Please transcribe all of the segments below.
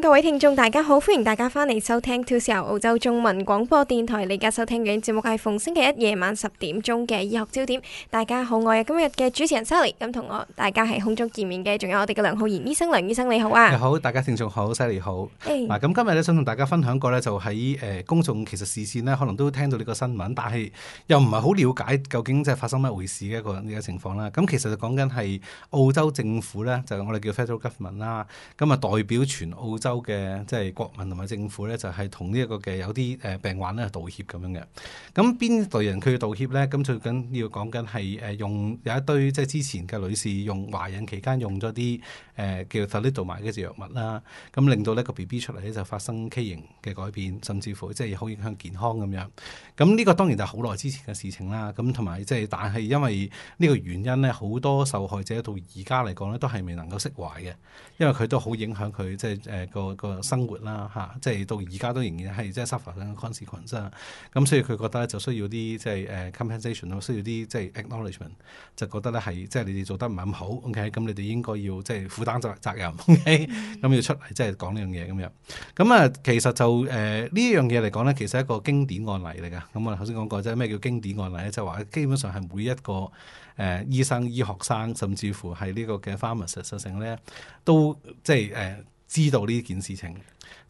各位聽眾大家好，歡迎大家翻嚟收聽 To Sir 澳洲中文廣播電台。你而家收聽嘅節目係逢星期一夜晚十點鐘嘅醫學焦點。大家好，我係今日嘅主持人 Sally，咁同我大家喺空中見面嘅，仲有我哋嘅梁浩然醫生，梁醫生你好啊！你好，大家聽眾好，Sally 好。嗱，咁今日咧想同大家分享個咧就喺誒公眾其實視線呢，可能都聽到呢個新聞，但係又唔係好了解究竟即係發生乜回事嘅一個呢個情況啦。咁其實就講緊係澳洲政府咧，就係我哋叫 Federal Government 啦，咁啊代表全澳。州嘅即係國民同埋政府咧，就係同呢一個嘅有啲誒病患咧道歉咁樣嘅。咁邊隊人佢要道歉咧？咁最緊要講緊係誒用有一堆即係之前嘅女士用懷孕期間用咗啲誒叫薩利度買嗰隻藥物啦，咁令到呢個 B B 出嚟咧就發生畸形嘅改變，甚至乎即係好影響健康咁樣。咁呢個當然就係好耐之前嘅事情啦。咁同埋即係，但係因為呢個原因咧，好多受害者到而家嚟講咧都係未能夠釋懷嘅，因為佢都好影響佢即係。誒。個個生活啦嚇、啊，即係到而家都仍然係即係 suffer 嗰個 consequence 啊。咁所以佢覺得就需要啲即係誒 compensation 咯，需要啲即係 acknowledgement，就覺得咧係即係你哋做得唔係咁好。OK，咁、嗯、你哋應該要即係負擔責責任。OK，咁、嗯、要出嚟即係講呢樣嘢咁樣。咁啊，其實就誒、呃、呢一樣嘢嚟講咧，其實一個經典案例嚟㗎。咁我哋頭先講過即係咩叫經典案例咧，就話基本上係每一個誒、呃、醫生、醫學生，甚至乎係呢個嘅 pharmacist 實質上咧，都即係誒。呃知道呢件事情，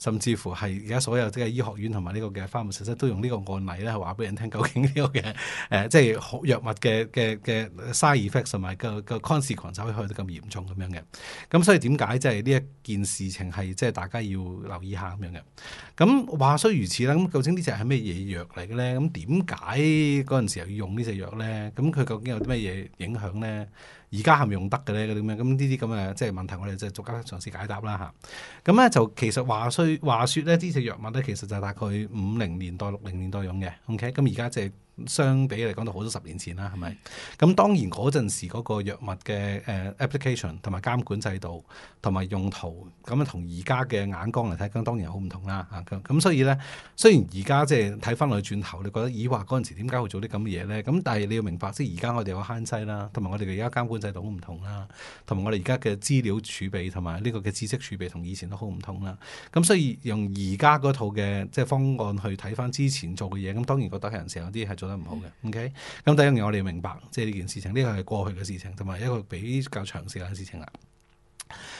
甚至乎係而家所有即係醫學院同埋呢個嘅化學實室都用呢個案例咧，係話俾人聽究竟呢個嘅誒、呃，即係藥物嘅嘅嘅 side effect 同埋個個 consequence 可以去到咁嚴重咁樣嘅。咁所以點解即係呢一件事情係即係大家要留意下咁樣嘅？咁話雖如此啦，咁究竟呢隻係咩嘢藥嚟嘅咧？咁點解嗰陣時又要用呢隻藥咧？咁佢究竟有咩嘢影響咧？而家係咪用得嘅咧？嗰啲咩咁呢啲咁嘅即係問題，我哋就逐間嘗試解答啦嚇。咁咧就其實話雖話説咧，呢啲藥物咧其實就係大概五零年代、六零年代用嘅。OK，咁而家即係。相比嚟講，到好多十年前啦，係咪？咁當然嗰陣時嗰個藥物嘅誒 application 同埋監管制度同埋用途咁樣同而家嘅眼光嚟睇，咁當然好唔同啦。啊，咁所以咧，雖然而家即係睇返落去轉頭，你覺得以話嗰陣時點解會做啲咁嘅嘢咧？咁但係你要明白，即係而家我哋有限制啦，同埋我哋嘅而家監管制度好唔同啦，同埋我哋而家嘅資料儲備同埋呢個嘅知識儲備同以前都好唔同啦。咁所以用而家嗰套嘅即係方案去睇返之前做嘅嘢，咁當然覺得係成日有啲係。做得唔好嘅，嗯，OK，咁第一樣嘢我哋要明白，即係呢件事情，呢個係過去嘅事情，同埋一個比較長時間嘅事情啦。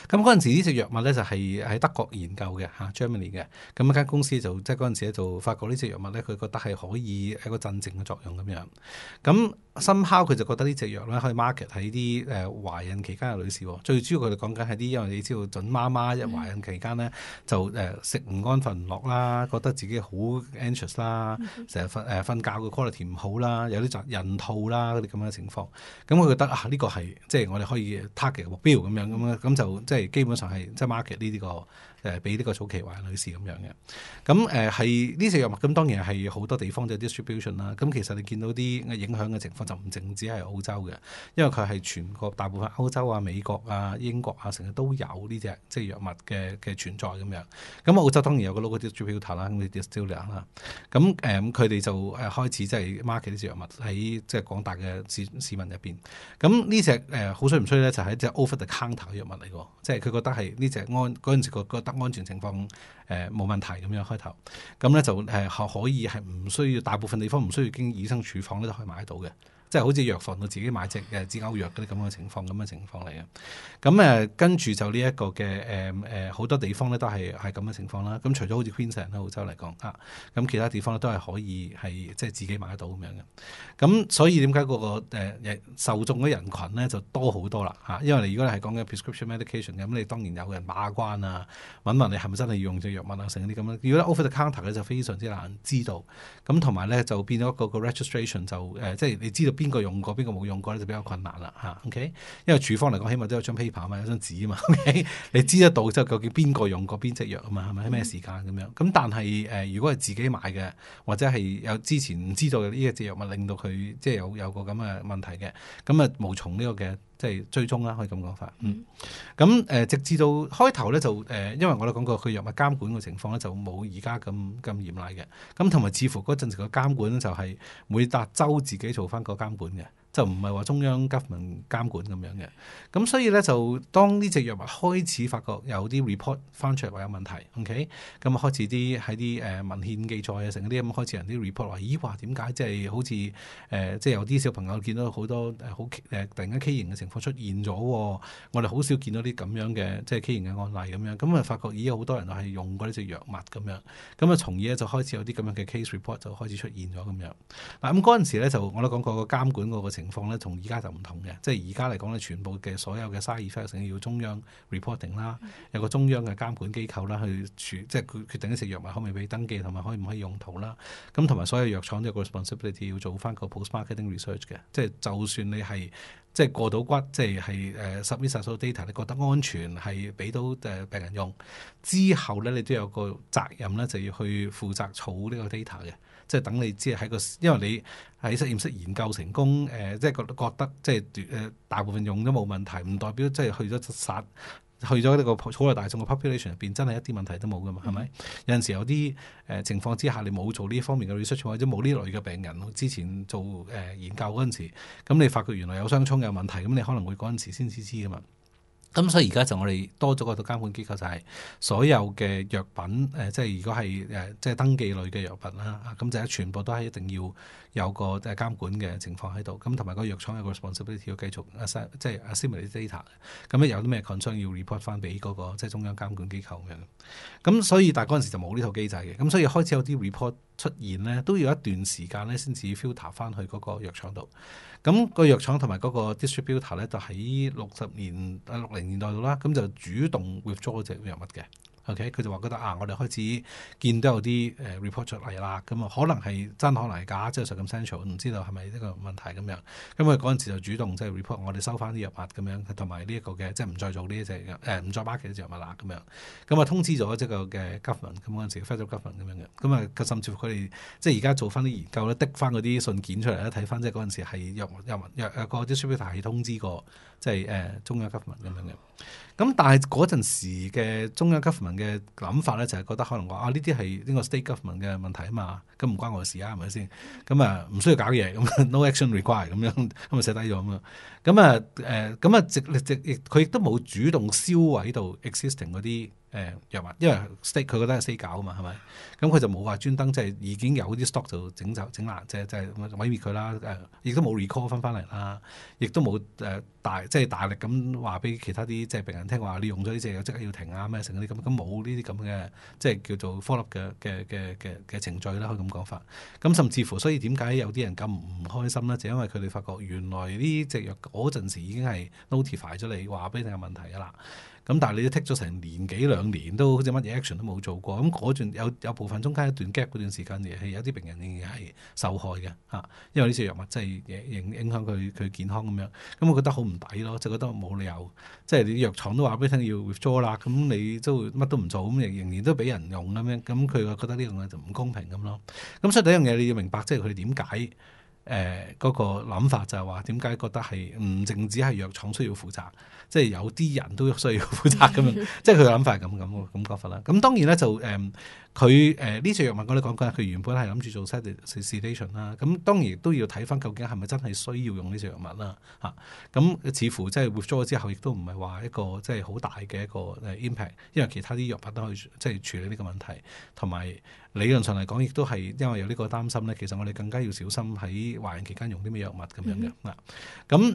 咁嗰陣時呢隻藥物咧就係、是、喺德國研究嘅吓 Germany 嘅。咁一間公司就即係嗰陣時咧就發覺呢隻藥物咧，佢覺得係可以喺個鎮靜嘅作用咁樣。咁深敲佢就覺得呢隻藥咧可以 market 喺啲誒懷孕期間嘅女士。最主要佢哋講緊係啲，因為你知道準媽媽一懷孕期間咧就誒、呃、食唔安瞓唔落啦，覺得自己好 anxious 啦，成日瞓誒瞓覺嘅 quality 唔好啦，有啲雜孕吐啦啲咁樣嘅情況。咁佢覺得啊呢個係即係我哋可以 target 目標咁樣咁樣咁就。即係基本上係即係 market 呢啲個。誒俾呢個早期懷女士咁樣嘅，咁誒係呢隻藥物，咁當然係好多地方嘅 distribution 啦、啊。咁其實你見到啲影響嘅情況就唔淨止係澳洲嘅，因為佢係全國大部分歐洲啊、美國啊、英國啊，成日都有呢隻即係藥物嘅嘅存在咁樣。咁、嗯、澳洲當然有個 local distributor 啦、啊，咁嘅 store 啦。咁誒佢哋就開始即係 market 呢隻藥物喺即係廣大嘅市市民入邊。咁、嗯呃、呢隻誒好衰唔衰咧？就係、是、一隻 over-the-counter 藥物嚟嘅，即係佢覺得係呢隻安嗰陣時、那個安全情況誒冇問題咁樣開頭，咁咧就誒可以係唔需要，大部分地方唔需要經醫生處方咧，就可以買到嘅。即係好似藥房到自己買隻誒止嘔藥嗰啲咁嘅情況，咁嘅情況嚟嘅。咁誒跟住就呢一個嘅誒誒好多地方咧都係係咁嘅情況啦。咁、嗯、除咗好似 Queensland 喺澳洲嚟講嚇，咁、啊嗯、其他地方都係可以係即係自己買得到咁樣嘅。咁、嗯、所以點解、那個個、呃、受眾嘅人群咧就多好多啦嚇、啊？因為如果你係講嘅 prescription medication 咁、嗯，你當然有人把關啊，問問你係咪真係要用隻藥物啊，成啲咁樣。如果咧 over the counter 咧就非常之難知道。咁同埋咧就變咗個個 registration 就誒，即、呃、係、就是、你知道。邊個用過，邊個冇用過咧，就比較困難啦，吓，OK。因為處方嚟講，起碼都有張 paper 嘛，有張紙嘛，書書嘛，OK。你知得到，即係究竟邊個用過邊隻藥啊嘛，係咪咩時間咁樣？咁但係誒、呃，如果係自己買嘅，或者係有之前唔知道呢一隻藥物令到佢即係有有個咁嘅問題嘅，咁啊無從呢個嘅。即係追蹤啦，可以咁講法。嗯，咁誒、嗯、直至到開頭咧，就誒、呃，因為我哋講過佢藥物監管嘅情況咧，就冇而家咁咁嚴厲嘅。咁同埋，似乎嗰陣時個監管就係每達州自己做返個監管嘅。就唔係話中央 government 監管咁樣嘅，咁所以咧就當呢隻藥物開始發覺有啲 report 翻出嚟話有問題，OK，咁啊開始啲喺啲誒文獻記載啊，成啲咁開始人啲 report 話，咦話點解即係好似誒即係有啲小朋友見到好多好誒、啊、突然間畸形嘅情況出現咗，我哋好少見到啲咁樣嘅即係畸形嘅案例咁樣，咁啊發覺已有好多人係用過呢隻藥物咁樣，咁啊從而咧就開始有啲咁樣嘅 case report 就開始出現咗咁樣，嗱咁嗰陣時咧就我都講過個監管嗰個情。情況咧，同而家就唔同嘅。即係而家嚟講咧，全部嘅所有嘅 side effects 要中央 reporting 啦、mm，hmm. 有個中央嘅監管機構啦，去處即係決決定一隻藥物可唔可以俾登記，同埋可唔可以用途啦。咁同埋所有藥廠都有個 responsibility 要做翻個 postmarketing research 嘅。即係就算你係。即係過到骨，即係係誒十尾十數 data，你覺得安全係俾到誒病人用之後咧，你都有個責任咧，就要去負責儲呢個 data 嘅。即係等你即係喺個，因為你喺實驗室研究成功誒、呃，即係覺覺得即係誒大部分用都冇問題，唔代表即係去咗殺。去咗呢個普羅大眾嘅 population 入邊，真係一啲問題都冇噶嘛，係咪？有陣時有啲誒、呃、情況之下，你冇做呢方面嘅 research，或者冇呢類嘅病人，之前做誒、呃、研究嗰陣時，咁你發覺原來有相衝有問題，咁你可能會嗰陣時先至知噶嘛。咁、嗯、所以而家就我哋多咗個監管機構，就係所有嘅藥品誒、呃，即係如果係誒、呃，即係登記類嘅藥品啦，咁、啊、就全部都係一定要有個誒監管嘅情況喺度。咁同埋個藥廠有個 responsibility 要繼續 i, 即係 assimilate data、啊。咁、嗯、有啲咩 concern 要 report 翻俾嗰、那個即係中央監管機構咁樣。咁、嗯、所以但係嗰陣時就冇呢套機制嘅。咁、嗯、所以開始有啲 report。出現咧都要一段時間咧，先至 filter 翻去嗰個藥廠度。咁個藥廠同埋嗰個 distributor 咧，就喺六十年、六零年代度啦。咁就主動回收嗰隻藥物嘅。OK，佢就話覺得啊，我哋開始見到有啲誒 report 出嚟啦，咁啊可能係真，可能係假，即係咁 central，唔知道係咪呢個問題咁樣。咁啊嗰陣時就主動即係 report，我哋收翻啲藥物咁樣，同埋呢一個嘅即係唔再做呢隻誒唔再買呢隻藥物啦咁樣。咁、嗯、啊、嗯、通知咗即個嘅 g o v e 急診咁，嗰陣時 federal，非 e 急診咁樣嘅。咁、嗯、啊甚至乎佢哋即係而家做翻啲研究咧，滴翻嗰啲信件出嚟咧，睇翻即係嗰陣時係藥藥藥誒個啲輸血台通知過。即係誒中央 government 咁樣嘅，咁但係嗰陣時嘅中央 government 嘅諗法咧，就係覺得可能話啊呢啲係呢個 state government 嘅問題啊嘛，咁唔關我事啊，係咪先？咁啊唔需要搞嘢，咁 no action required 咁樣，咁咪寫低咗咁啊，咁啊誒，咁啊直佢亦都冇主動燒毀到 existing 嗰啲。誒藥物，因為佢覺得係死搞啊嘛，係咪？咁佢就冇話專登即係已經有啲 stock 就整走整爛啫，即係毀滅佢啦。亦都冇 recall 翻翻嚟啦，亦都冇誒、呃、大即係、就是、大力咁話俾其他啲即係病人聽話，你用咗呢隻藥即刻要停啊咩成啲咁，咁冇呢啲咁嘅即係叫做 follow 嘅嘅嘅嘅程序啦。可以咁講法。咁甚至乎，所以點解有啲人咁唔開心呢？就因為佢哋發覺原來呢隻藥嗰陣時已經係 notify 咗你話俾你有問題噶啦。咁但係你都剔咗成年幾兩年都好似乜嘢 action 都冇做過，咁、嗯、嗰段有有部分中間一段 gap 嗰段時間，亦係有啲病人仍然係受害嘅啊！因為呢次藥物真係影影響佢佢健康咁樣，咁、嗯、我覺得好唔抵咯，就覺得冇理由，即係你藥廠都話俾你聽要 withdraw 啦，咁你都乜都唔做，咁仍然都俾人用咁、嗯、樣,樣，咁佢覺得呢樣嘢就唔公平咁咯。咁所以第一樣嘢你要明白，即係佢哋點解？誒嗰、呃那個諗法就係話點解覺得係唔淨止係藥廠需要負責，即、就、係、是、有啲人都需要負責咁、就是、樣，即係佢嘅諗法係咁咁喎，咁講法啦。咁當然咧就誒佢誒呢隻藥物我哋講過，佢原本係諗住做 s e t u 啦。咁、嗯、當然都要睇翻究竟係咪真係需要用呢隻藥物啦。嚇、啊、咁、啊、似乎即係 withdraw 咗之後，亦都唔係話一個即係好大嘅一個誒 impact，因為其他啲藥品都可以即係處理呢個問題同埋。理論上嚟講，亦都係因為有呢個擔心咧，其實我哋更加要小心喺懷孕期間用啲咩藥物咁樣嘅。嗱、mm，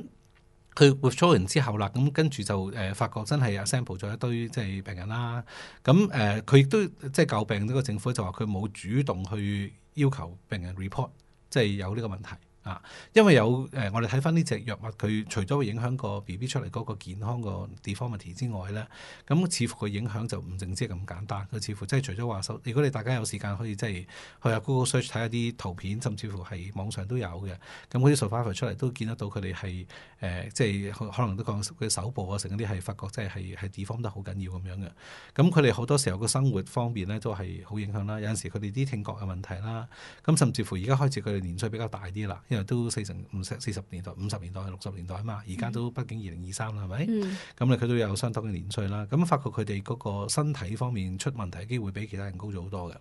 咁佢 withdraw 完之後啦，咁跟住就誒發覺真係 sample 咗一堆即係病人啦。咁誒，佢亦都即係救病呢個政府就話佢冇主動去要求病人 report，即係有呢個問題。因為有誒、呃，我哋睇翻呢隻藥物，佢除咗會影響個 B B 出嚟嗰個健康個地方 f o 之外咧，咁、嗯、似乎佢影響就唔淨止咁簡單，佢似乎即係除咗話手，如果你大家有時間可以即、就、係、是、去下、啊、Google search 睇下啲圖片，甚至乎喺網上都有嘅，咁嗰啲 s u r v r 出嚟都見得到佢哋係誒，即係可能都講佢手部啊，成啲係發覺即係係係 d e 得好緊要咁樣嘅，咁佢哋好多時候個生活方面咧都係好影響啦，有陣時佢哋啲聽覺嘅問題啦，咁、嗯、甚至乎而家開始佢哋年歲比較大啲啦。都四成五四十年代、五十年代、六十年代嘛。而家都畢竟二零二三啦，係咪？咁佢、嗯、都有相當嘅年歲啦。咁發覺佢哋嗰個身體方面出問題嘅機會，比其他人高咗好多嘅。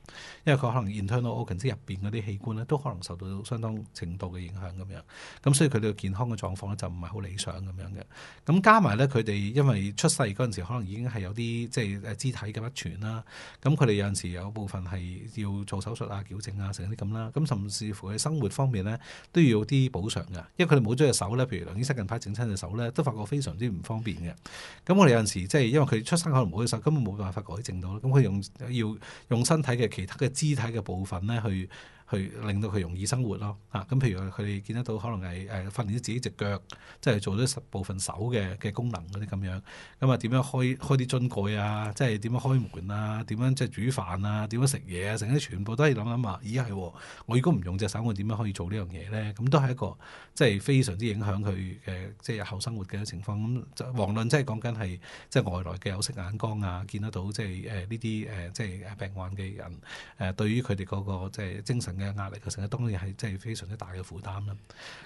因為佢可能 internal organs 入邊嗰啲器官呢，都可能受到相當程度嘅影響咁樣。咁所以佢哋嘅健康嘅狀況咧，就唔係好理想咁樣嘅。咁加埋呢，佢哋因為出世嗰陣時，可能已經係有啲即係肢體嘅不全啦。咁佢哋有陣時有部分係要做手術啊、矯正啊，成啲咁啦。咁甚至乎喺生活方面呢。都要有啲補償嘅，因為佢哋冇咗隻手咧。譬如梁醫生近排整親隻手咧，都發覺非常之唔方便嘅。咁我哋有陣時即係因為佢出生可能冇隻手，根本冇辦法改正到啦。咁佢用要用身體嘅其他嘅肢體嘅部分咧去去令到佢容易生活咯，啊咁譬如佢哋見得到可能係誒、呃、訓練咗自己隻腳，即係做咗部分手嘅嘅功能嗰啲咁樣，咁啊點樣開開啲樽蓋啊，即係點樣開門啊，點樣即係煮飯啊，點樣食嘢啊，成啲全部都係諗諗啊，咦係喎，我如果唔用隻手，我點樣可以做呢樣嘢咧？咁都係一個即係非常之影響佢嘅即係日後生活嘅情況。咁遑論即係講緊係即係外來嘅有色眼光啊，見得到即係誒呢啲誒即係病患嘅人誒、呃，對於佢哋嗰個即係精神嘅壓力，佢成日當然係真係非常之大嘅負擔啦。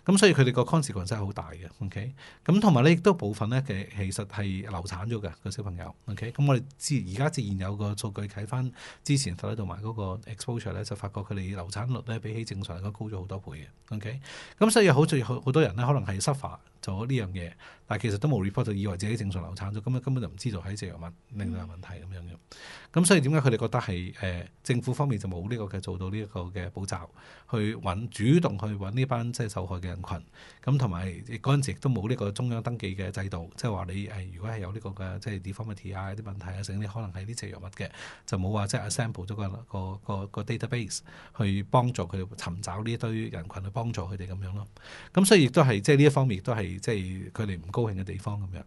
咁所以佢哋個 consequence 真係好大嘅。OK，咁同埋咧亦都部分咧嘅其實係流產咗嘅個小朋友。OK，咁我哋之而家自然有個數據睇翻之前睇到埋嗰個 exposure 咧，就發覺佢哋流產率咧比起正常都高咗好多倍嘅。OK，咁所以好似好好多人咧可能係 suffer 咗呢樣嘢。但其實都冇 report 就以為自己正常流產咗，根本根本就唔知道喺這藥物令到有問題咁、嗯、樣嘅。咁所以點解佢哋覺得係誒、呃、政府方面就冇呢、這個嘅做到呢一個嘅步驟，去揾主動去揾呢班即係、就是、受害嘅人群？咁同埋嗰陣時亦都冇呢個中央登記嘅制度，即係話你誒如果係有呢、這個嘅即係 deformity 啊啲問題啊，剩啲可能係啲隻藥物嘅，就冇話即係、就是、assemble 咗、那個、那個、那個 database 去幫助佢尋找呢一堆人群去幫助佢哋咁樣咯。咁所以亦都係即係呢一方面亦都係即係佢哋唔高興嘅地方咁樣，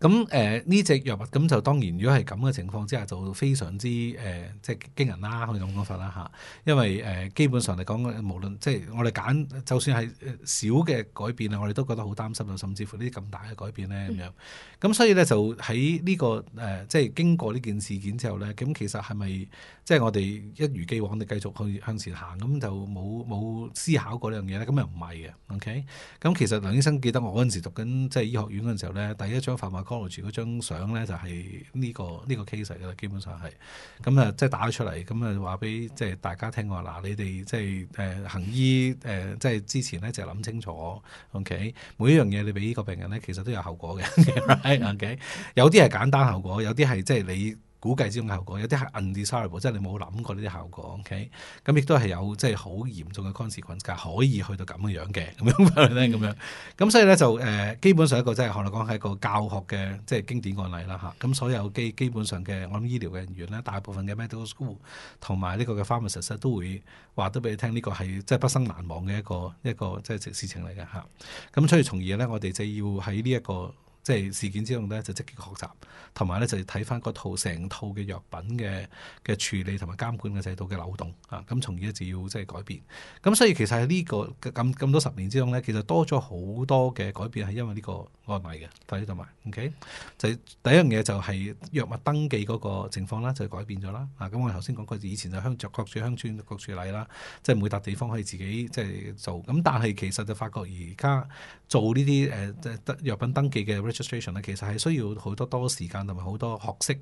咁誒呢隻藥物咁就當然，如果係咁嘅情況之下，就非常之誒、呃，即係驚人啦、啊，可以咁講法啦吓，因為誒、呃、基本上嚟講，無論即係我哋揀，就算係小嘅改變啊，我哋都覺得好擔心啦，甚至乎呢啲咁大嘅改變咧，咁樣，咁所以咧就喺呢、這個誒、呃，即係經過呢件事件之後咧，咁其實係咪？即係我哋一如既往地繼續去向前行，咁就冇冇思考過呢樣嘢咧，咁又唔係嘅，OK？咁其實梁醫生記得我嗰陣時讀緊即係醫學院嗰陣時候咧，第一張 pharmacology 嗰張相咧就係、是、呢、這個呢、這個 case 嘅啦，基本上係咁啊，即係打咗出嚟，咁啊話俾即係大家聽我話，嗱你哋即係誒、呃、行醫誒、呃，即係之前咧就諗清楚，OK？每一樣嘢你俾呢個病人咧，其實都有後果嘅、 right?，OK？有啲係簡單後果，有啲係即係你。估計之種後果，有啲係 undesirable，即係你冇諗過呢啲效果。OK，咁亦都係有即係好嚴重嘅 consequence，但可以去到咁嘅樣嘅。咁樣咁樣，咁所以咧就誒、呃，基本上一個即係學嚟講係一,一個教學嘅即係經典案例啦吓，咁、啊、所有基基本上嘅我諗醫療嘅人員咧，大部分嘅 medical school 同埋呢個嘅 pharmacist 都會話得俾你聽，呢個係即係畢生難忘嘅一個、呢個、一個即係事情嚟嘅吓，咁、啊、所以從而咧，我哋就要喺呢一個。即係事件之中咧，就積極學習，同埋咧就要睇翻嗰套成套嘅藥品嘅嘅處理同埋監管嘅制度嘅漏洞啊！咁從而咧就要即係改變。咁所以其實喺呢個咁咁多十年之中咧，其實多咗好多嘅改變係因為呢個案例嘅，大家同埋 OK。就第一樣嘢就係藥物登記嗰個情況啦，就改變咗啦。啊，咁我哋頭先講過，以前就鄉著各處鄉村各處例啦，即係每笪地方可以自己即係做。咁但係其實就發覺而家做呢啲誒即係藥品登記嘅。Registration 其實係需要好多多時間同埋好多學識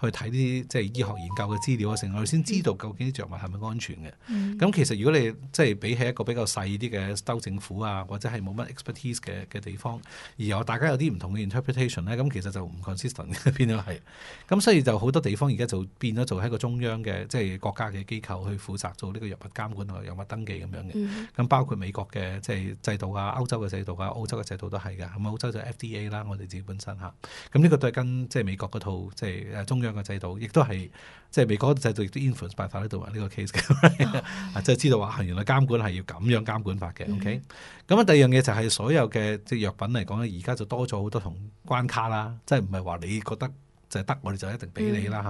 去睇啲即係醫學研究嘅資料啊，成我哋先知道究竟啲藥物係咪安全嘅。咁、嗯、其實如果你即係比起一個比較細啲嘅州政府啊，或者係冇乜 expertise 嘅嘅地方，而又大家有啲唔同嘅 interpretation 咧，咁其實就唔 consistent 嘅，變咗係。咁所以就好多地方而家就變咗做一個中央嘅即係國家嘅機構去負責做呢個藥物監管同埋藥物登記咁樣嘅。咁包括美國嘅即係制度啊、歐洲嘅制度啊、歐洲嘅制、啊、制度都係嘅。咁歐洲就 FDA 啦。我哋自己本身吓，咁、啊、呢、這個都係跟即係美國嗰套即係中央嘅制度，亦都係即係美國制度亦都 influence 擺喺度啊！呢個 case，即、right? 係、啊、知道話、啊，原來監管係要咁樣監管法嘅。OK，咁啊、嗯、第二樣嘢就係所有嘅即係藥品嚟講咧，而家就多咗好多同關卡啦，即係唔係話你覺得就係得，我哋就一定俾你啦嚇。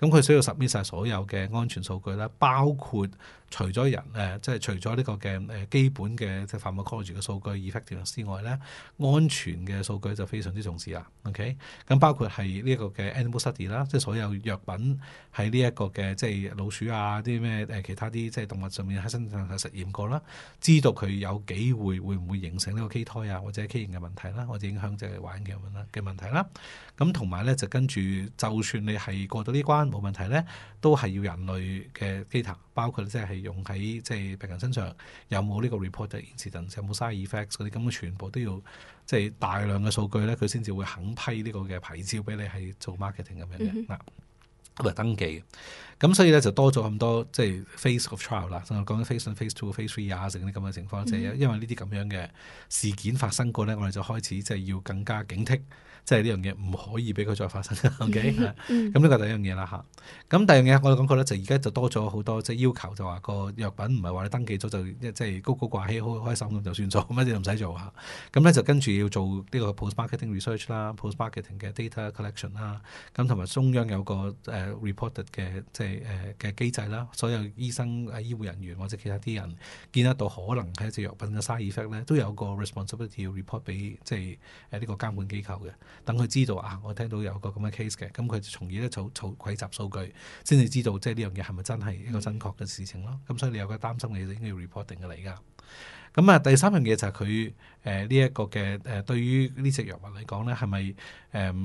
咁佢、嗯啊嗯、需要 submit 曬所有嘅安全數據啦，包括。除咗人誒、呃，即係除咗呢個嘅誒、呃、基本嘅即係 pharmacology 嘅數據 effectiveness 之外咧，安全嘅數據就非常之重視啦。OK，咁包括係呢一個嘅 animal study 啦，即係所有藥品喺呢一個嘅即係老鼠啊啲咩誒其他啲即係動物上面喺身上實驗過啦，知道佢有機會會唔會形成呢個畸胎啊，或者畸形嘅問題啦，或者影響即係環境嘅問題啦。咁同埋咧就跟住，就算你係過到呢關冇問題咧，都係要人類嘅基層，oy, 包括即係。用喺即係病人身上，有冇呢個 report 嘅 incident，有冇 side effects 嗰啲咁嘅全部都要即係、就是、大量嘅數據咧，佢先至會肯批呢個嘅牌照俾你係做 marketing 咁樣嘅嗱，咁、mm hmm. 啊登記咁，所以咧就多咗咁多即係、就是、phase of trial 啦，仲有講緊 phase one、phase two、phase three 啊，成啲咁嘅情況，mm hmm. 就係因為呢啲咁樣嘅事件發生過咧，我哋就開始即係要更加警惕。即係呢樣嘢唔可以俾佢再發生，OK？咁呢個第一樣嘢啦嚇。咁第二樣嘢，我哋講過咧，就而家就多咗好多即係要求，就話個藥品唔係話你登記咗就即係高高掛起，開開心咁就算咗，乜嘢都唔使做嚇。咁咧就跟住要做呢個 post marketing research 啦，post marketing 嘅 data collection 啦，咁同埋中央有個誒 reported 嘅即係誒嘅機制啦。所有醫生、醫護人員或者其他啲人見得到可能係一隻藥品嘅 side effect 咧，都有個 responsibility report 俾即係誒呢個監管機構嘅。等佢知道啊！我聽到有個咁嘅 case 嘅，咁佢就從而咧儲儲鬼集數據，先至知道即係呢樣嘢係咪真係一個真確嘅事情咯。咁、嗯、所以你有個擔心你就應該要 reporting 嘅嚟㗎。咁啊，第三樣嘢就係佢誒呢一個嘅誒對於呢隻藥物嚟講咧，係咪誒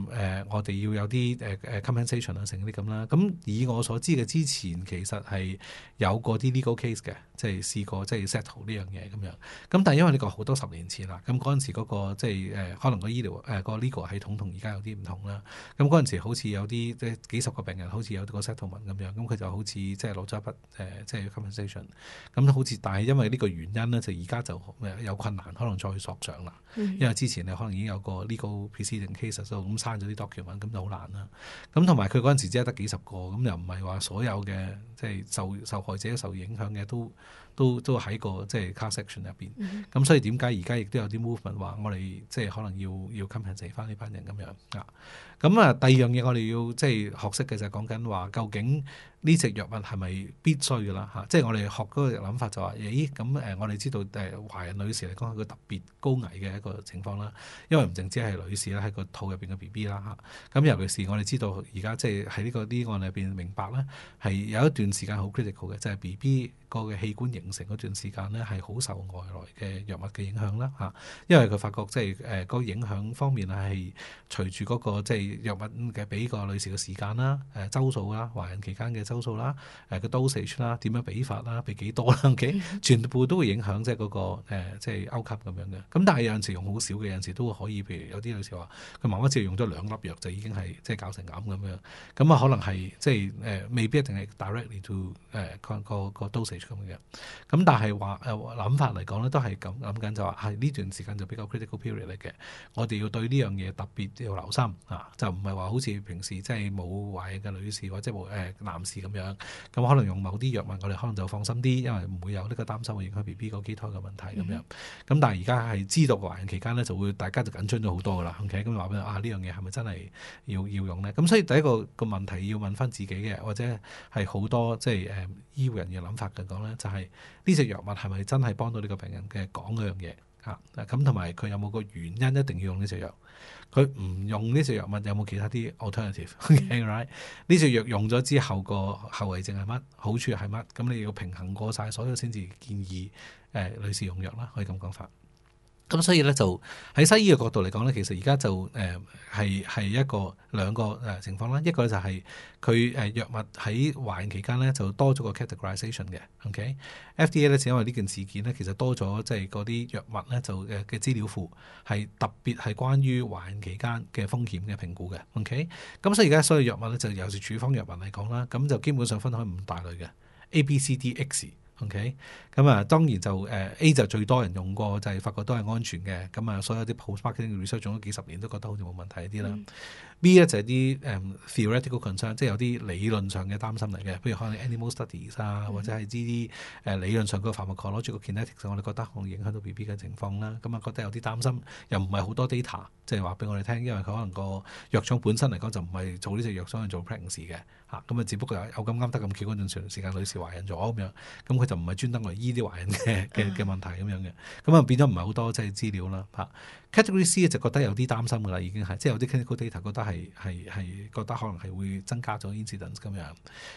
誒我哋要有啲誒誒 compensation 啊，成啲咁啦？咁以我所知嘅之前，其實係有過啲 legal case 嘅，即係試過即係 settle 呢樣嘢咁樣咁但係因為呢個好多十年前啦，咁陣時、嗰個即係誒可能醫、個醫療誒個 legal 系統同而家有啲唔同啦。咁陣時好似有啲即係幾十個病人，好似有個 settlement 咁樣咁佢就好似即係攞咗一筆誒即係 compensation。咁好似但係因為呢個原因咧，就而家。就有困難，可能再去索償啦。因為之前你可能已經有個 legal precedent case，就咁刪咗啲 document，咁就好難啦。咁同埋佢嗰陣時只係得幾十個，咁又唔係話所有嘅即係受受害者受影響嘅都。都都喺個即係 c a section 入邊，咁、嗯嗯嗯、所以點解而家亦都有啲 movement 話我哋即係可能要要 compensate 翻呢班人咁樣啊？咁、嗯、啊第二樣嘢我哋要即係學識嘅就係講緊話究竟呢隻藥物係咪必須嘅啦？嚇、啊，即係我哋學嗰個諗法就話、是、咦咁誒、嗯嗯嗯、我哋知道誒懷孕女士嚟講係個特別高危嘅一個情況啦，因為唔淨止係女士啦，喺個肚入邊嘅 B B 啦嚇，咁、啊、尤其是我哋知道而家即係喺呢個啲案入邊明白啦，係有一段時間好 critical 嘅就係、是、B B 個嘅器官型。成嗰段時間咧係好受外來嘅藥物嘅影響啦嚇，因為佢發覺即係誒個影響方面係隨住嗰、那個即係、就是、藥物嘅俾個女士嘅時間啦誒、呃、週數啦懷孕期間嘅周數啦誒個、呃、dosage 啦點樣比法啦俾幾多啦全部都會影響即係嗰個即係 outcome 咁樣嘅，咁但係有陣時用好少嘅有陣時都可以，譬如有啲女士話佢媽媽只係用咗兩粒藥就已經係即係搞成咁咁樣，樣，咁啊可能係即係誒未必一定係 directly to 誒、呃、個個，個 dosage 咁樣。咁但係話誒諗法嚟講咧，都係咁諗緊就話係呢段時間就比較 critical period 嚟嘅，我哋要對呢樣嘢特別要留心啊，就唔係話好似平時即係冇懷孕嘅女士或者冇男士咁樣，咁可能用某啲藥物，我哋可能就放心啲，因為唔會有呢個擔心會影響 B B 個胚胎嘅問題咁樣。咁但係而家係知道懷孕期間呢，就會大家就緊張咗好多噶啦。咁誒話俾你啊，呢樣嘢係咪真係要要用呢？咁所以第一個個問題要問翻自己嘅，或者係好多即係誒醫護人員諗法嚟講咧，就係。呢隻藥物係咪真係幫到呢個病人嘅，講嗰樣嘢啊？咁同埋佢有冇個原因一定要用呢隻藥？佢唔用呢隻藥物有冇其他啲 alternative？呢隻藥用咗之後個後遺症係乜？好處係乜？咁你要平衡過晒所有先至建議誒女士用藥啦，可以咁講法。咁所以咧就喺西醫嘅角度嚟講咧，其實而家就誒係係一個兩個誒情況啦。一個咧就係佢誒藥物喺懷孕期間咧就多咗個 categorization 嘅。OK，FDA、okay? 咧因為呢件事件咧，其實多咗即係嗰啲藥物咧就嘅資料庫係特別係關於懷孕期間嘅風險嘅評估嘅。OK，咁所以而家所有藥物咧就尤其是處方藥物嚟講啦，咁就基本上分開五大類嘅 A、B、C、D、X。OK，咁、嗯、啊當然就誒、呃、A 就最多人用過，就係、是、發覺都係安全嘅。咁、嗯、啊，所有啲 post marketing research 做咗幾十年，都覺得好似冇問題啲啦。B 咧就係啲誒 theoretical concern，即係有啲理論上嘅擔心嚟嘅，譬如可能 animal studies 啊，或者係呢啲誒理論上個 pharmacological kinetics，我哋覺得可能影響到 B B 嘅情況啦。咁、嗯、啊覺得有啲擔心，又唔係好多 data，即係話俾我哋聽，因為佢可能個藥廠本身嚟講就唔係做呢隻藥廠去做 practice 嘅嚇，咁啊只不過有咁啱得咁巧嗰陣時時間女士懷孕咗咁樣，咁、啊、佢就唔係專登嚟醫啲懷孕嘅嘅嘅問題咁樣嘅，咁啊 變咗唔係好多即係資料啦嚇。啊 Category C 就覺得有啲擔心㗎啦，已經係即係有啲 clinical data 覺得係係係覺得可能係會增加咗 incidence 咁樣。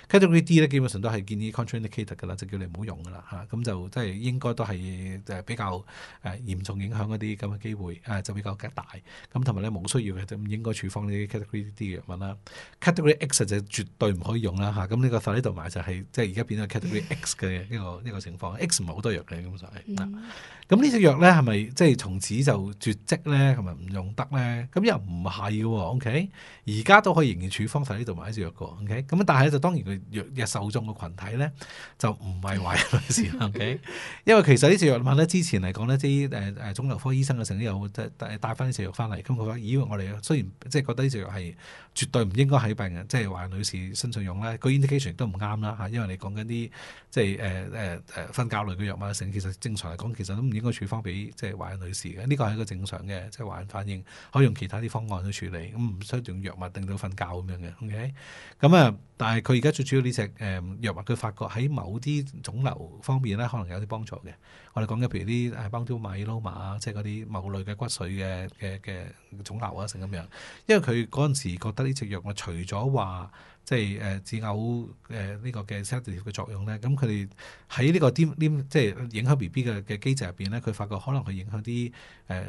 Category D 咧基本上都係建議 contraindicated 㗎啦，就叫你唔好用㗎啦嚇。咁、啊、就即係應該都係誒比較誒、啊、嚴重影響嗰啲咁嘅機會誒、啊、就比較大。咁同埋咧冇需要嘅就唔應該處方呢啲 Category D 藥物啦。Category X 就絕對唔可以用啦嚇。咁、啊、呢個 thalidomide 就係、是、即係而家變咗 Category X 嘅呢個一 個情況。X 唔係好多藥嘅基本上。咁、嗯嗯、呢隻藥咧係咪即係從此就絕？即咧同埋唔用得咧？咁又唔係喎，OK？而家都可以仍然處方喺呢度買啲藥個，OK？咁但係就當然佢藥藥受眾嘅群體咧就唔係懷孕女士，OK？okay。因為其實呢啲藥物咧之前嚟講呢，啲誒誒腫瘤科醫生嘅成都有帶帶翻啲藥物翻嚟，咁佢話：咦，我哋雖然即係覺得呢隻藥係絕對唔應該喺病人，即係懷孕女士身上用咧，個 indication 都唔啱啦嚇，因為你講緊啲即係誒誒誒瞓覺類嘅藥物嘅成，其實正常嚟講其實都唔應該處方俾即係懷孕女士嘅，呢個係一個正嘅即係反應，可以用其他啲方案去處理，咁唔需要用藥物定到瞓覺咁樣嘅，OK？咁啊，但係佢而家最主要呢隻誒藥物，佢發覺喺某啲腫瘤方面咧，可能有啲幫助嘅。我哋講嘅譬如啲誒、啊、骨髓母細胞瘤即係嗰啲某類嘅骨髓嘅嘅嘅腫瘤啊，成咁樣，因為佢嗰陣時覺得呢隻藥物除咗話，即係誒止嘔誒呢個嘅 set 嘅作用咧，咁佢哋喺呢個啲即係影響 B B 嘅嘅機制入邊咧，佢發覺可能佢影響啲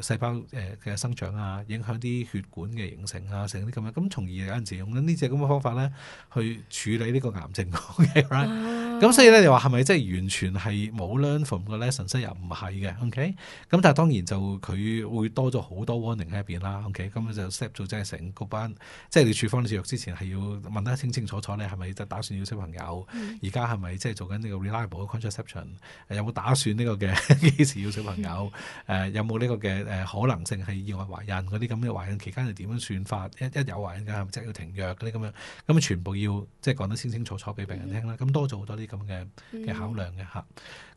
誒細胞誒嘅生長啊，影響啲血管嘅形成啊，成啲咁樣，咁從而有陣時用呢隻咁嘅方法咧去處理呢個癌症。O K。咁所以咧，你話係咪即係完全係冇 long form 嘅咧？純粹又唔係嘅。O K。咁但係當然就佢會多咗好多 warning 喺入邊啦。O K。咁就 set 做製成嗰班，即係你處方呢啲藥之前係要問得清。清楚楚你係咪就打算要小朋友？而家係咪即係做緊呢個 reliable contraception？啊、有冇打算呢個嘅？幾時要小朋友？誒、嗯啊，有冇呢個嘅誒可能性係意外懷孕？嗰啲咁嘅懷孕期間係點樣算法？一一有懷孕嘅，係咪即係要停藥嗰啲咁樣？咁全部要即係講得清清楚楚俾病人聽啦。咁、嗯、多做好多啲咁嘅嘅考量嘅吓。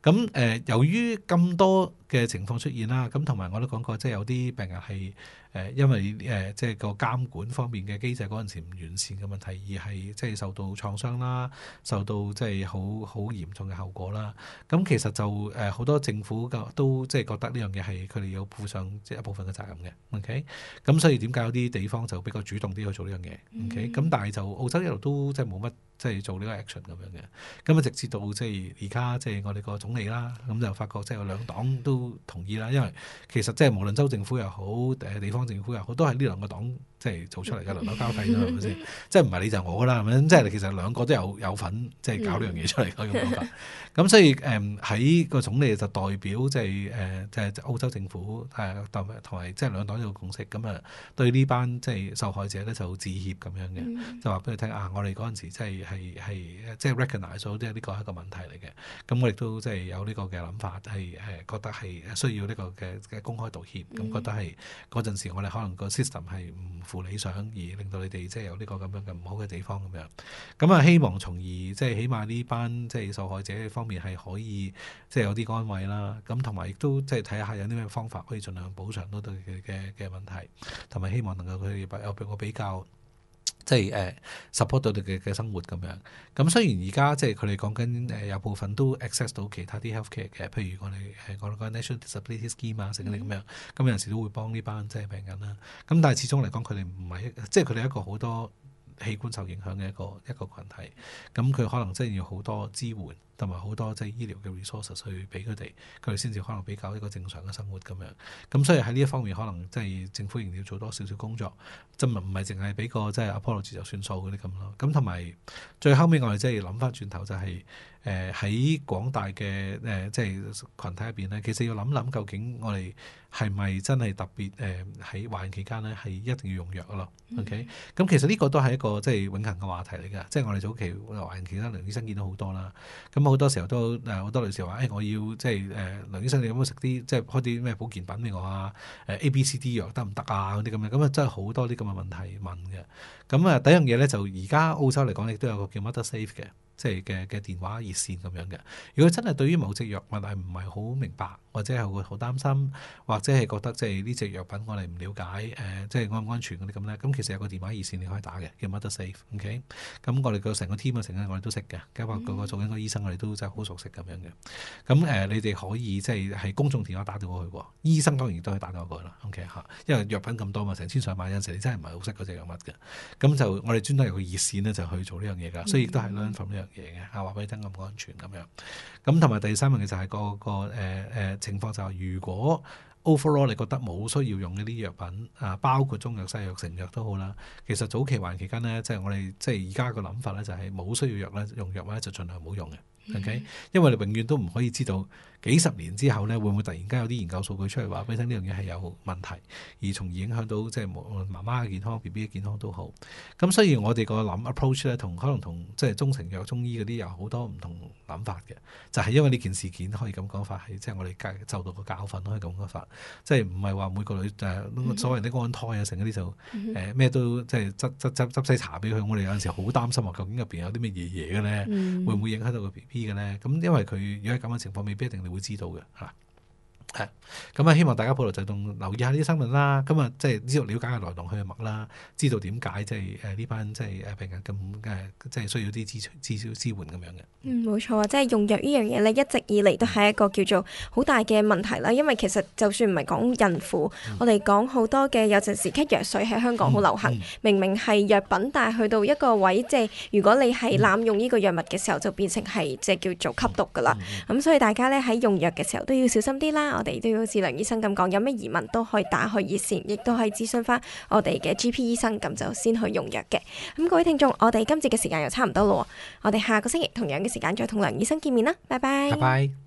咁誒、呃，由於咁多嘅情況出現啦，咁同埋我都講過，即係有啲病人係。誒，因為誒，即係個監管方面嘅機制嗰陣時唔完善嘅問題，而係即係受到創傷啦，受到即係好好嚴重嘅後果啦。咁其實就誒，好多政府嘅都即係覺得呢樣嘢係佢哋有負上即係一部分嘅責任嘅。OK，咁所以點解有啲地方就比較主動啲去做呢樣嘢？OK，咁、嗯、但係就澳洲一路都即係冇乜。即係做呢個 action 咁樣嘅，咁啊直至到即係而家即係我哋個總理啦，咁、嗯、就發覺即係兩黨都同意啦，因為其實即係無論州政府又好，地方政府又好，都係呢兩個黨即係做出嚟嘅輪流交替咗係咪先？即係唔係你就我啦，係咪？即係其實兩個都有有份即係搞呢樣嘢出嚟嘅咁樣。咁 所以誒喺、嗯、個總理就代表即係誒就是呃就是、澳洲政府同埋即係兩黨有共識，咁啊對呢班即係受害者咧就好致歉咁樣嘅，就話俾佢聽啊，我哋嗰陣時即係、就是。係係即係 recognize 咗，即係呢個係一個問題嚟嘅。咁我亦都即係有呢個嘅諗法，係誒覺得係需要呢個嘅嘅公開道歉。咁、嗯嗯、覺得係嗰陣時，我哋可能個 system 係唔符理想，而令到你哋即係有呢個咁樣嘅唔好嘅地方咁樣。咁、嗯、啊，希望從而即係、就是、起碼呢班即係、就是、受害者方面係可以即係、就是、有啲安慰啦。咁同埋亦都即係睇下有啲咩方法可以盡量補償到佢嘅嘅問題，同埋希望能夠佢有個比較。即係誒、呃、support 到佢嘅嘅生活咁樣，咁雖然而家即係佢哋講緊誒有部分都 access 到其他啲 healthcare 嘅，譬如我哋誒我哋個 National Disability Scheme 啊，成嗰啲咁樣，咁、嗯嗯、有陣時都會幫呢班即係病人啦，咁但係始終嚟講佢哋唔係，即係佢哋一個好多器官受影響嘅一個一個群體，咁佢可能真係要好多支援，同埋好多即係醫療嘅 resource 去俾佢哋，佢哋先至可能比較一個正常嘅生活咁樣。咁所以喺呢一方面，可能即係政府仍然要做多少少工作，真係唔係淨係俾個即係 apology 就算數嗰啲咁咯。咁同埋最後面我哋即係諗翻轉頭就係、就是，誒喺廣大嘅誒即係群體入邊咧，其實要諗諗究竟我哋。係咪真係特別？誒喺懷孕期間咧，係一定要用藥咯。嗯、OK，咁其實呢個都係一個即係永恆嘅話題嚟㗎。即、就、係、是、我哋早期懷孕期間，梁醫生見到好多啦。咁好多時候都誒好多女士話，誒、哎、我要即係誒梁醫生你，你有冇食啲即係開啲咩保健品俾我行行啊？誒 A、B、嗯、C、D 藥得唔得啊？嗰啲咁樣咁啊，真係好多啲咁嘅問題問嘅。咁啊，第一樣嘢咧就而家澳洲嚟講，亦都有個叫 MotherSafe 嘅。即係嘅嘅電話熱線咁樣嘅。如果真係對於某隻藥物係唔係好明白，或者係會好擔心，或者係覺得即係呢隻藥品我哋唔了解，誒、呃、即係安唔安全嗰啲咁咧，咁其實有個電話熱線你可以打嘅，叫 Mother Safe，okay? 都 Safe，OK？咁我哋個成個 team 啊，成日我哋都識嘅，加埋個個做緊個醫生，我哋都真係好熟悉咁樣嘅。咁誒，你哋可以即係喺公眾電話打電話去喎，醫生當然都可以打電話過去啦，OK 嚇？因為藥品咁多嘛，成千上萬，有陣時，你真係唔係好識嗰隻藥物嘅。咁就我哋專登有個熱線咧，就去做呢樣嘢㗎，嗯、所以亦都係 l 嘢嘅嚇，話俾、啊、你聽咁安全咁樣，咁同埋第三樣嘢就係、是、個個誒、呃呃、情況就係、是，如果 overall 你覺得冇需要用呢啲藥品啊，包括中藥西藥成藥都好啦，其實早期還期間咧、就是，即係我哋即係而家個諗法咧，就係、是、冇需要藥咧，用藥咧就儘量冇用嘅。Okay? 因為你永遠都唔可以知道幾十年之後咧，會唔會突然間有啲研究數據出嚟話，本身呢樣嘢係有問題，而從而影響到即係無論媽媽嘅健康、B B 嘅健康都好。咁雖然我哋個諗 approach 咧，同可能同即係中成藥、中醫嗰啲有好多唔同諗法嘅，就係、是、因為呢件事件可以咁講法，係即係我哋受到個教訓可以咁講法，即係唔係話每個女、mm hmm. 呃、所謂啲安胎啊，成嗰啲就咩、mm hmm. 呃、都即係執執執執西查俾佢，我哋有陣時好擔心啊，究竟入邊有啲乜嘢嘢嘅咧，mm hmm. 會唔會影響到個 B B？啲嘅咧，咁因為，佢如果係咁嘅情況未必一定你會知道嘅吓。咁啊，希望大家普羅大眾留意下呢啲新聞啦。咁啊，即係知道了解下來龍去脈啦，知道點解即係誒呢班即係誒病人咁誒，即係需要啲支支銷支援咁樣嘅。嗯，冇錯啊，即、就、係、是、用藥呢樣嘢咧，一直以嚟都係一個叫做好大嘅問題啦。因為其實就算唔係講孕婦，嗯、我哋講好多嘅有陣時咳藥水喺香港好流行，嗯嗯嗯、明明係藥品，但係去到一個位，即係如果你係濫用呢個藥物嘅時候，就變成係即係叫做吸毒噶啦。咁、嗯嗯嗯嗯嗯、所以大家咧喺用藥嘅時候都要小心啲啦。哋都要好似梁醫生咁講，有咩疑問都可以打去熱線，亦都可以諮詢返我哋嘅 GP 醫生，咁就先去用藥嘅。咁各位聽眾，我哋今次嘅時間又差唔多咯。我哋下個星期同樣嘅時間再同梁醫生見面啦，拜拜。拜拜。